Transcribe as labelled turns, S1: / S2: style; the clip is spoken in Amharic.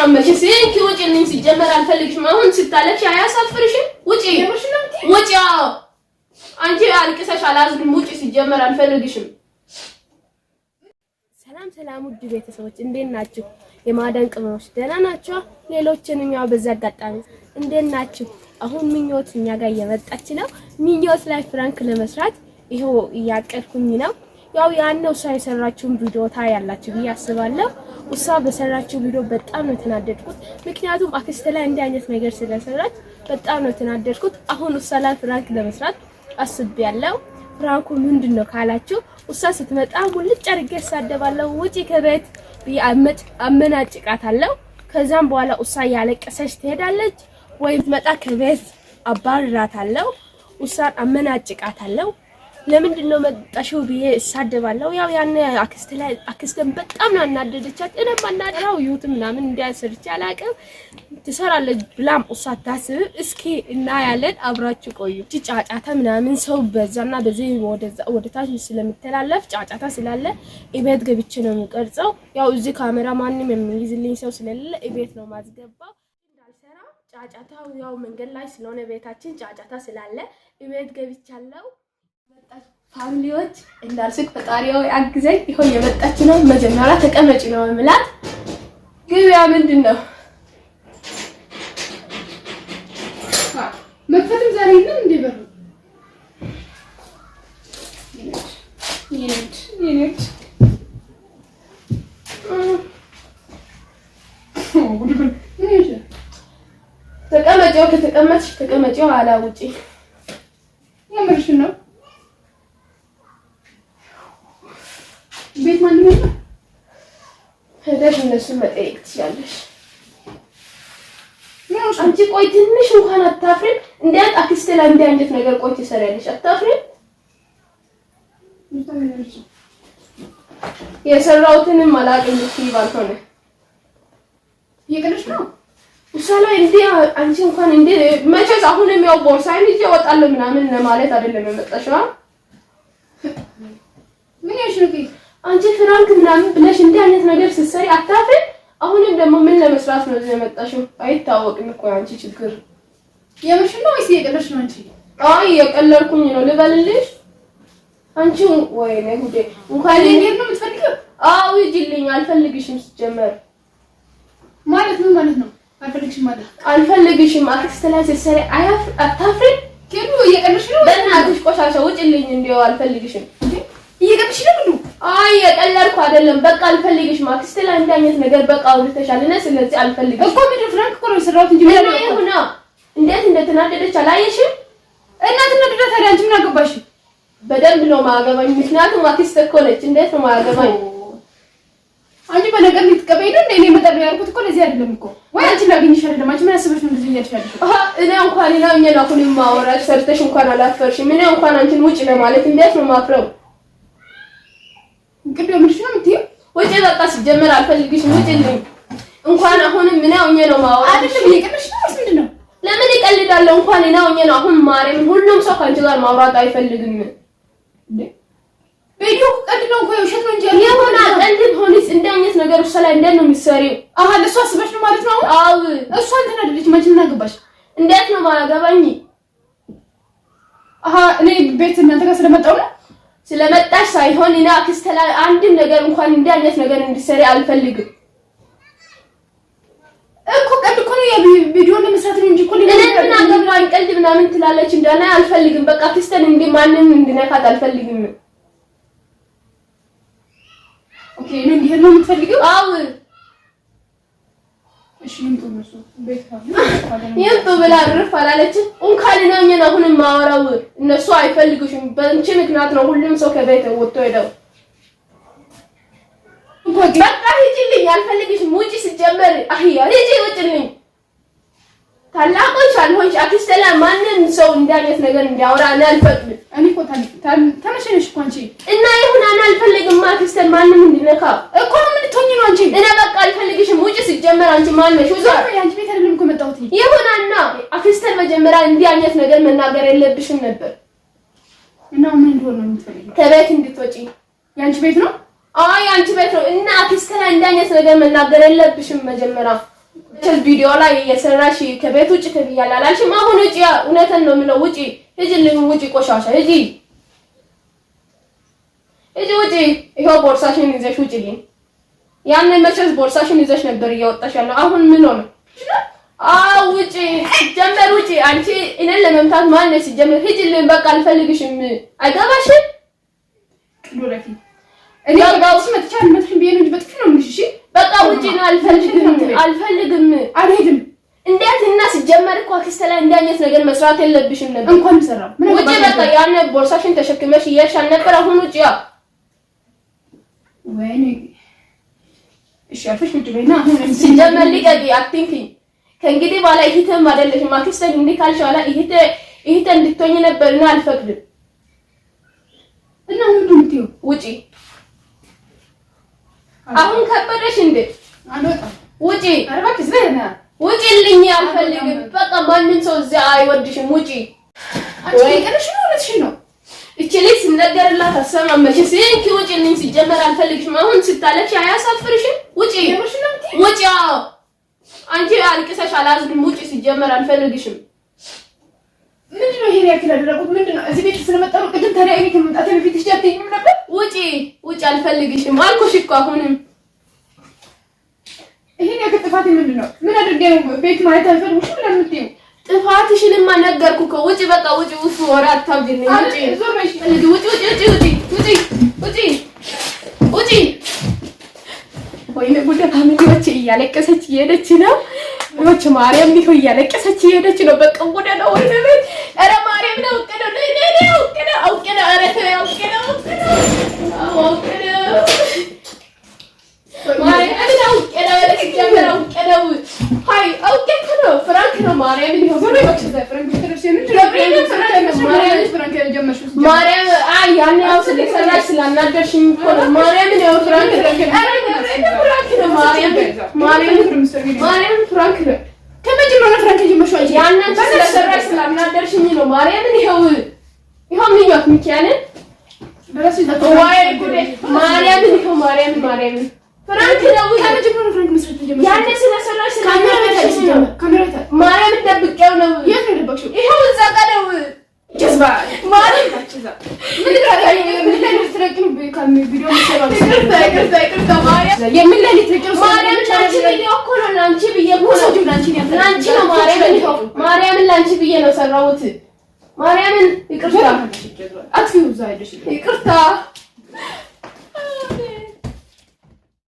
S1: ነው መቼስ ይሄን ውጪልኝ። ሲጀመር አልፈልግሽም። አሁን ስታለቅሽ አያሳፍርሽም? ውጪ ውጪ። አንቺ አልቅሰሽ አላዝንም። ውጪ። ሲጀመር አልፈልግሽም። ሰላም ሰላም፣ ውድ ቤተሰቦች እንዴት ናችሁ? የማዳን ቅመሞች ደህና ናቸው። ሌሎችንም ያው በዛ አጋጣሚ እንዴት ናችሁ? አሁን ምኞት እኛ ጋር እየመጣች ነው። ምኞት ላይ ፍራንክ ለመስራት ይኸው እያቀድኩኝ ነው። ያው ያነው እሷ የሰራችውን ቪዲዮ ታያላችሁ ብዬ አስባለሁ። እሷ በሰራችው ቪዲዮ በጣም ነው የተናደድኩት። ምክንያቱም አክስቴ ላይ እንዲህ አይነት ነገር ስለሰራች በጣም ነው የተናደድኩት። አሁን እሷ ላይ ፍራንክ ለመስራት አስቤያለሁ። ፍራንኩ ምንድን ነው ካላችሁ እሷ ስትመጣ ሙልጭ አድርጌ እሳደባለሁ፣ ውጪ ከቤት አመናጭቃታለሁ። ከዛም በኋላ እሷ ያለቀሰች ትሄዳለች፣ ወይም ትመጣ ከቤት አባርራታለሁ፣ እሷን አመናጭቃታለሁ። ለምንድን ነው መጣሽው ብዬ እሳደባለሁ። ያው ያን አክስት ላይ አክስትን በጣም ነው አናደደቻት። እኔ ማናደራው ይሁት ምናምን እንዲያሰርች አላውቅም። ትሰራለች ብላም እሷ ታስብ። እስኪ ያለን አብራችሁ ቆዩ። ጫጫታ ምናምን ሰው በዛና በዚህ ወደዛ ወደታች ስለሚተላለፍ ጫጫታ ስላለ እቤት ገብቼ ነው የምቀርጸው። ያው እዚህ ካሜራ ማንም የሚይዝልኝ ሰው ስለሌለ እቤት ነው ማስገባው ጫጫታው ያው መንገድ ላይ ስለሆነ ቤታችን ጫጫታ ስላለ እቤት ገብቻለሁ። ፋሚሊዎች እንዳልስቅ ፈጣሪው አግዘኝ። ይሁን የመጣች ነው መጀመሪያ ተቀመጪ ነው የምላት። ገበያ ምንድን ነው
S2: መክፈትም ዛሬ ነው እንዴ? በሩ
S1: ተቀመጪው ከተቀመጥሽ ተቀመጪው አላ ውጪ የምርሽ ነው ብለሽ እነሱን መጠየቅ ትችላለሽ። አንቺ ቆይ ትንሽ እንኳን አታፍሪም? እንዴት አክስቴ ላይ እንዲህ አይነት ነገር ቆይ ትሰሪያለሽ፣ አታፍሪም? የሰራሁትንም አላቅም እሺ ባልሆነ ይቅርሽ ነው እሷ ላይ እንዲህ አንቺ እንኳን እንዲህ መቼስ አሁን የሚያው ቦርሳዬን ይዤ እወጣለሁ ምናምን ለማለት አይደለም የመጣሽው ምን ያሽ አንቺ ፍራንክ ምናምን ብለሽ እንዲህ አይነት ነገር ስትሰሪ አታፍሪ። አሁንም ደግሞ ምን ለመስራት ነው እዚህ የመጣሽው? አይታወቅም እኮ አንቺ ችግር
S2: የምሽ ነው ወይስ የቀለድሽ ነው? አንቺ
S1: አይ የቀለልኩኝ ነው ልበልልሽ? አንቺ ወይ ነው ጉዴ።
S2: እንኳን ለኔ ነው የምትፈልገው?
S1: አው ይጅልኝ። አልፈልግሽም። ሲጀመር
S2: ማለት ምን ማለት ነው? አልፈልግሽም ማለት
S1: አልፈልግሽም። አክስት ላይ ስትሰሪ አያፍ አታፍሪ።
S2: ከዱ የቀለድሽ ነው።
S1: በእናትሽ ቆሻሻ ውጭልኝ። እንደው አልፈልግሽም።
S2: እየቀለድሽ ነው
S1: አይ የቀለድኩ አይደለም። በቃ አልፈልግሽ ማክስት ላይ አንድ አይነት ነገር በቃ አውርተሻል። እኔ ስለዚህ አልፈልግሽ
S2: እኮ ምን ፍራንክ ኮሮ ነው
S1: እንጂ ምን ነው እንዴት እንደተናደደች አላየሽም?
S2: እና ተናደደ ታዲያ አንቺ ምን አገባሽ?
S1: በደንብ ነው ማገባኝ። ምክንያቱም ማክስት እኮ ነች። እንዴት ነው ማገባኝ?
S2: አንቺ በነገር ልትቀበይ ነው እንዴ? እኔ መጠር ያልኩት እኮ ለዚህ አይደለም እኮ ወይ አንቺ ላገኝሽ አይደለም። አንቺ ምን አስበሽ ነው እንደዚህ ያልሻል?
S1: አሃ እኔ እንኳን ሌላኛ ነው አሁን ማወራሽ ሰርተሽ እንኳን አላፈርሽም። እኔ እንኳን አንቺን ውጭ ለማለት እንዴት ነው ማፍረው
S2: እንቅልፍ ምንሽ ነው የምትይው?
S1: ወጪ በቃ ሲጀመር አልፈልግሽም። እንኳን አሁንም ምን አውኜ ነው
S2: አይደለም ይቅርሽ ነው ምንድን ነው?
S1: ለምን ይቀልዳለሁ? እንኳን እኔ አውኜ ነው አሁን ማርያምን፣ ሁሉም ሰው ከአንቺ ጋር ማውራት አይፈልግም። ነው
S2: እኮ ውሸት ነው እንጂ
S1: የሆነ ቀልድ ሆኒስ እንደ አይነት ነገር ላይ ነው
S2: አሀ አስበሽ ነው ማለት ነው። እሱ አንተን
S1: እንዴት ነው ማገባኝ?
S2: አሀ እኔ ቤት እናንተ ጋር ስለመጣሁ ነው
S1: ስለመጣሽ ሳይሆን እና ክስተላ አንድም ነገር እንኳን እንዲህ አይነት ነገር እንድትሰሪ አልፈልግም
S2: እኮ። ቀልድ እኮ ነው የቪዲዮን መስራት እንጂ እኮ
S1: አንቀልድ ምናምን ትላለች እንዳና አልፈልግም። በቃ ክስተን እንዲህ ማንም እንድነካት አልፈልግም።
S2: ኦኬ ነው የምትፈልጊው?
S1: አዎ ይምጡ ብላ እርፍ አላለችም። እንኳን ናኝን አሁንም ማወራው እነሱ አይፈልጉሽም። በአንቺ ምክንያት ነው ሁሉም ሰው ከቤት ወጥቶ ሄደው። በቃ ሂጂልኝ፣ አልፈልግሽም። ውጪ ሲጀመር አህያ ሂጂ፣ ውጪልኝ። ታላቆች አልሆንሽ አክስተላ ማንም ሰው እንዳይነት ነገር እንዲያወራ እኔ አልፈቅድም።
S2: እኔ እኮ ተነሽነሽ እኮ አንቺ
S1: እና ይሁን አልፈልግም። አክስተል ማንም እንዲነካ አንቺ እኔ በቃ አልፈልግሽም። ውጪ። ሲጀመር አንቺ ማን ነሽ? ይሁናና አክስተር መጀመሪያ እንዲህ አይነት ነገር መናገር የለብሽም ነበር።
S2: እና ምን እንደሆነ የምትፈልጊው
S1: ከቤት እንድትወጪ የአንቺ ቤት ነው። አይ አንቺ ቤት ነው። እና አክስተር እንዲህ አይነት ነገር መናገር የለብሽም መጀመሪያ ቸል ቪዲዮ ላይ የሰራሽ ከቤት ውጭ ትብያለሽ አላልሽም? አሁን ውጪ። እውነትን ነው የምለው። ውጪ ሂጂልኝ። ውጪ ቆሻሻ ሂጂ፣ ሂጂ፣ ውጪ። ይኸው ቦርሳሽን ይዘሽ ውጪልኝ። ያን መቼስ ቦርሳሽን ይዘሽ ነበር እያወጣሽ ያለው። አሁን ምን ሆነ? አዎ ውጪ፣ ሲጀመር ውጪ። አንቺ እኔን ለመምታት ማነው? ሲጀመር ሂጂልን፣ በቃ አልፈልግሽም፣ አይገባሽም።
S2: ቅዱረፊ እኔ ጋውስ መጥቻን መጥፍን ቢሄን እንጂ በጥፍ ነው ምንሽ።
S1: በቃ ውጪ ነው፣ አልፈልግም፣ አልፈልግም፣ አልሄድም። እንዴት እና ሲጀመር እኮ አክስተ ላይ እንዲህ አይነት ነገር መስራት የለብሽም ነበር። እንኳን ሰራ ውጪ፣ በቃ ያን ቦርሳሽን ተሸክመሽ እየሄድሽ አልነበረ? አሁን ውጪ። ያ
S2: ወይኔ እሺ አፈሽ ቁጭ በይና አሁን
S1: ሲጀመር ልቀቂ። አትንኪኝ ከእንግዲህ በኋላ እህትም አይደለሽም። አክስተን እንዲህ ካልሽ በኋላ ይሄተ እህቴ እንድትሆኝ ነበርና አልፈቅድም።
S2: እና ሁሉ እንትዩ
S1: ውጪ። አሁን ከበደሽ እንዴ? አልወጣም። ውጪ፣
S2: አረባክሽ ዘይና
S1: ውጪልኝ። አልፈልግም። በቃ ማንም ሰው እዚያ አይወድሽም። ውጪ።
S2: አንቺ ይቀርሽ ነው ለትሽ ነው
S1: እቺ ልጅ ስነገርላት አሰማም። መቼስ ይሄን ውጪልኝ፣ ሲጀመር አልፈልግሽም። አሁን ስታለቅሽ አያሳፍርሽም? ውጪ ውጪ። አንቺ አልቅሰሽ አላዝንም። ውጪ፣ ሲጀመር አልፈልግሽም።
S2: ምንድን ነው ይሄን ያክል ያደረጉት? ምንድን ነው እዚህ ቤት ስለመጣሁ ቅድም ታዲያ እኔ መምጣት በፊት አትይኝም ነበር?
S1: ውጪ ውጪ፣ አልፈልግሽም አልኩሽ እኮ አሁንም
S2: ይሄን ያክል ጥፋት ምንድን ነው? ምን አድርጌ ነው ቤት ማለት አልፈልግሽም ለምትይው
S1: ጥፋትሽንማ ነገርኩ እኮ ውጪ፣ በቃ ውጪ። ውስጥ ወሬ አታብጂኝ። ውጪ ወይኔ ጉድ! ፋሚሊዎቼ እያለቀሰች እየሄደች ነው። ሎች ማርያም ሊሆ እያለቀሰች እየሄደች ነው። በቃ ጉድ ነው። ወይኔ ኧረ ማርያም ነው አውቄ ነው አውቄ ነው ማርያም አይ ያኔ ያው ስለሰራሽ ስላናደርሽኝ እኮ ነው። ማርያምን ያው ፍራንክ ነው። ማርያምን ፍራንክ ነው። ከመጀመሪያ ፍራንክ ጀመርሽው እንጂ ያናንተ ስለሰራሽ ስላናደርሽኝ ነው። ማርያምን ይኸው ይኸው ምኞት ሚካኤልን ወይ ጉዴ! ማርያምን ይኸው ማርያምን ማርያምን ፍራንክ ነው። ከመጀመሪያ ፍራንክ መስራት ጀመርሽ ያኔ ስለሰራሽ ስላናደርሽኝ ነው። ማርያምን ደብቄው ነው። የት ነው የደበቅሽው? ይኸው እዛ ቀደም ማርያምን ለአንቺ ብዬ ነው ሰራሁት። ማርያምን ይቅርታ